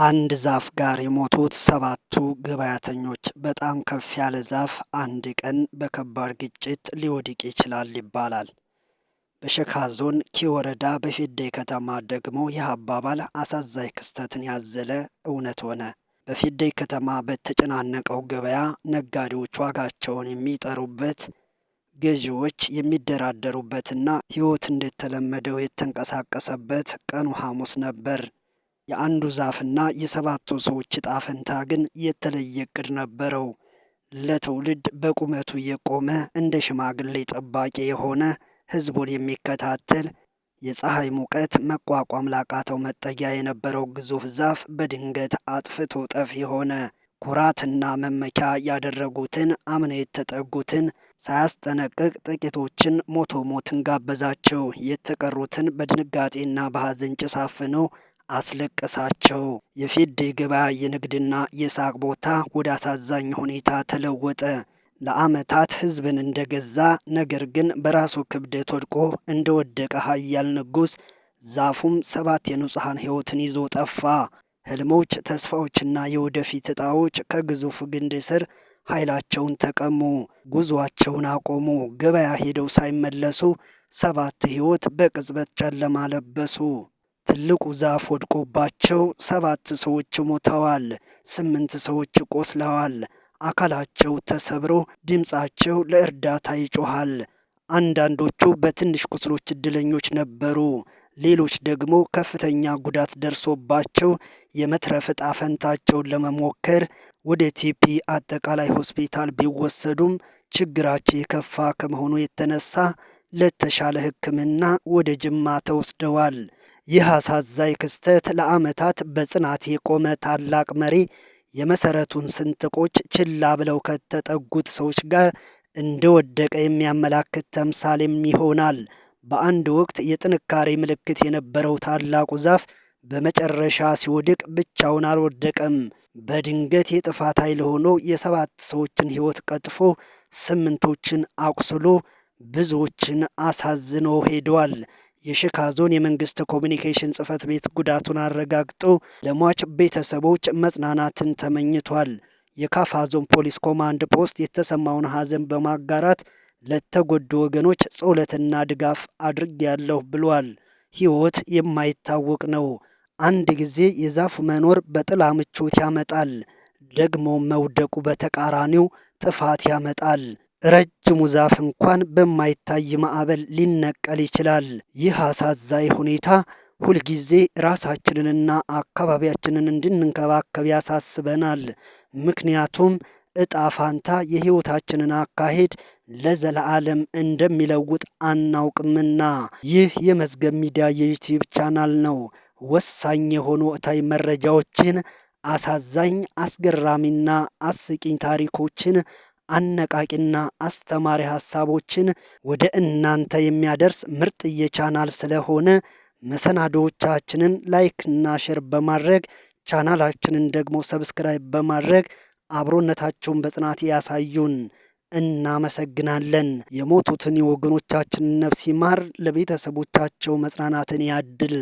ከአንድ ዛፍ ጋር የሞቱት ሰባቱ ገበያተኞች በጣም ከፍ ያለ ዛፍ አንድ ቀን በከባድ ግጭት ሊወድቅ ይችላል ይባላል። በሸካ ዞን ኪ ወረዳ በፊዴ ከተማ ደግሞ ይህ አባባል አሳዛኝ ክስተትን ያዘለ እውነት ሆነ። በፊዴ ከተማ በተጨናነቀው ገበያ ነጋዴዎች ዋጋቸውን የሚጠሩበት፣ ገዢዎች የሚደራደሩበትና ሕይወት እንደተለመደው የተንቀሳቀሰበት ቀኑ ሐሙስ ነበር። የአንዱ ዛፍና የሰባቱ ሰዎች ዕጣ ፈንታ ግን የተለየ እቅድ ነበረው። ለትውልድ በቁመቱ የቆመ እንደ ሽማግሌ ጠባቂ የሆነ ህዝቡን የሚከታተል የፀሐይ ሙቀት መቋቋም ላቃተው መጠጊያ የነበረው ግዙፍ ዛፍ በድንገት አጥፍቶ ጠፊ ሆነ። ኩራትና መመኪያ ያደረጉትን አምነ የተጠጉትን ሳያስጠነቅቅ ጥቂቶችን ሞቶ ሞትን ጋበዛቸው። የተቀሩትን በድንጋጤና በሐዘን ጭስ አስለቀሳቸው። የፌድ ገበያ የንግድና የሳቅ ቦታ ወደ አሳዛኝ ሁኔታ ተለወጠ። ለአመታት ህዝብን እንደገዛ ነገር ግን በራሱ ክብደት ወድቆ እንደወደቀ ሀያል ንጉስ ዛፉም ሰባት የንጹሐን ህይወትን ይዞ ጠፋ። ህልሞች፣ ተስፋዎችና የወደፊት እጣዎች ከግዙፍ ግንድ ስር ኃይላቸውን ተቀሙ። ጉዞአቸውን አቆሙ። ገበያ ሄደው ሳይመለሱ ሰባት ህይወት በቅጽበት ጨለማ ለበሱ። ትልቁ ዛፍ ወድቆባቸው ሰባት ሰዎች ሞተዋል፣ ስምንት ሰዎች ቆስለዋል። አካላቸው ተሰብሮ ድምፃቸው ለእርዳታ ይጮኋል። አንዳንዶቹ በትንሽ ቁስሎች እድለኞች ነበሩ። ሌሎች ደግሞ ከፍተኛ ጉዳት ደርሶባቸው የመትረፍ ዕጣ ፈንታቸውን ለመሞከር ወደ ቲፒ አጠቃላይ ሆስፒታል ቢወሰዱም ችግራቸው የከፋ ከመሆኑ የተነሳ ለተሻለ ሕክምና ወደ ጅማ ተወስደዋል። ይህ አሳዛኝ ክስተት ለዓመታት በጽናት የቆመ ታላቅ መሪ የመሰረቱን ስንጥቆች ችላ ብለው ከተጠጉት ሰዎች ጋር እንደወደቀ የሚያመላክት ተምሳሌም ይሆናል። በአንድ ወቅት የጥንካሬ ምልክት የነበረው ታላቁ ዛፍ በመጨረሻ ሲወድቅ ብቻውን አልወደቀም። በድንገት የጥፋት ኃይል ሆኖ የሰባት ሰዎችን ሕይወት ቀጥፎ ስምንቶችን አቁስሎ ብዙዎችን አሳዝኖ ሄደዋል። የሽካ ዞን የመንግስት ኮሚኒኬሽን ጽህፈት ቤት ጉዳቱን አረጋግጦ ለሟች ቤተሰቦች መጽናናትን ተመኝቷል። የካፋ ዞን ፖሊስ ኮማንድ ፖስት የተሰማውን ሐዘን በማጋራት ለተጎዱ ወገኖች ጸሎትና ድጋፍ አድርጌያለሁ ብሏል። ሕይወት የማይታወቅ ነው። አንድ ጊዜ የዛፍ መኖር በጥላ ምቾት ያመጣል፣ ደግሞ መውደቁ በተቃራኒው ጥፋት ያመጣል። ረጅሙ ዛፍ እንኳን በማይታይ ማዕበል ሊነቀል ይችላል። ይህ አሳዛኝ ሁኔታ ሁልጊዜ ራሳችንንና አካባቢያችንን እንድንንከባከብ ያሳስበናል። ምክንያቱም እጣ ፋንታ የሕይወታችንን አካሄድ ለዘለዓለም እንደሚለውጥ አናውቅምና። ይህ የመዝገብ ሚዲያ የዩቲዩብ ቻናል ነው። ወሳኝ የሆኑ ወቅታዊ መረጃዎችን፣ አሳዛኝ፣ አስገራሚና አስቂኝ ታሪኮችን አነቃቂና አስተማሪ ሀሳቦችን ወደ እናንተ የሚያደርስ ምርጥ የቻናል ስለሆነ መሰናዶዎቻችንን ላይክና ሼር በማድረግ ቻናላችንን ደግሞ ሰብስክራይብ በማድረግ አብሮነታቸውን በጽናት ያሳዩን። እናመሰግናለን። የሞቱትን የወገኖቻችንን ነፍስ ይማር፣ ለቤተሰቦቻቸው መጽናናትን ያድል።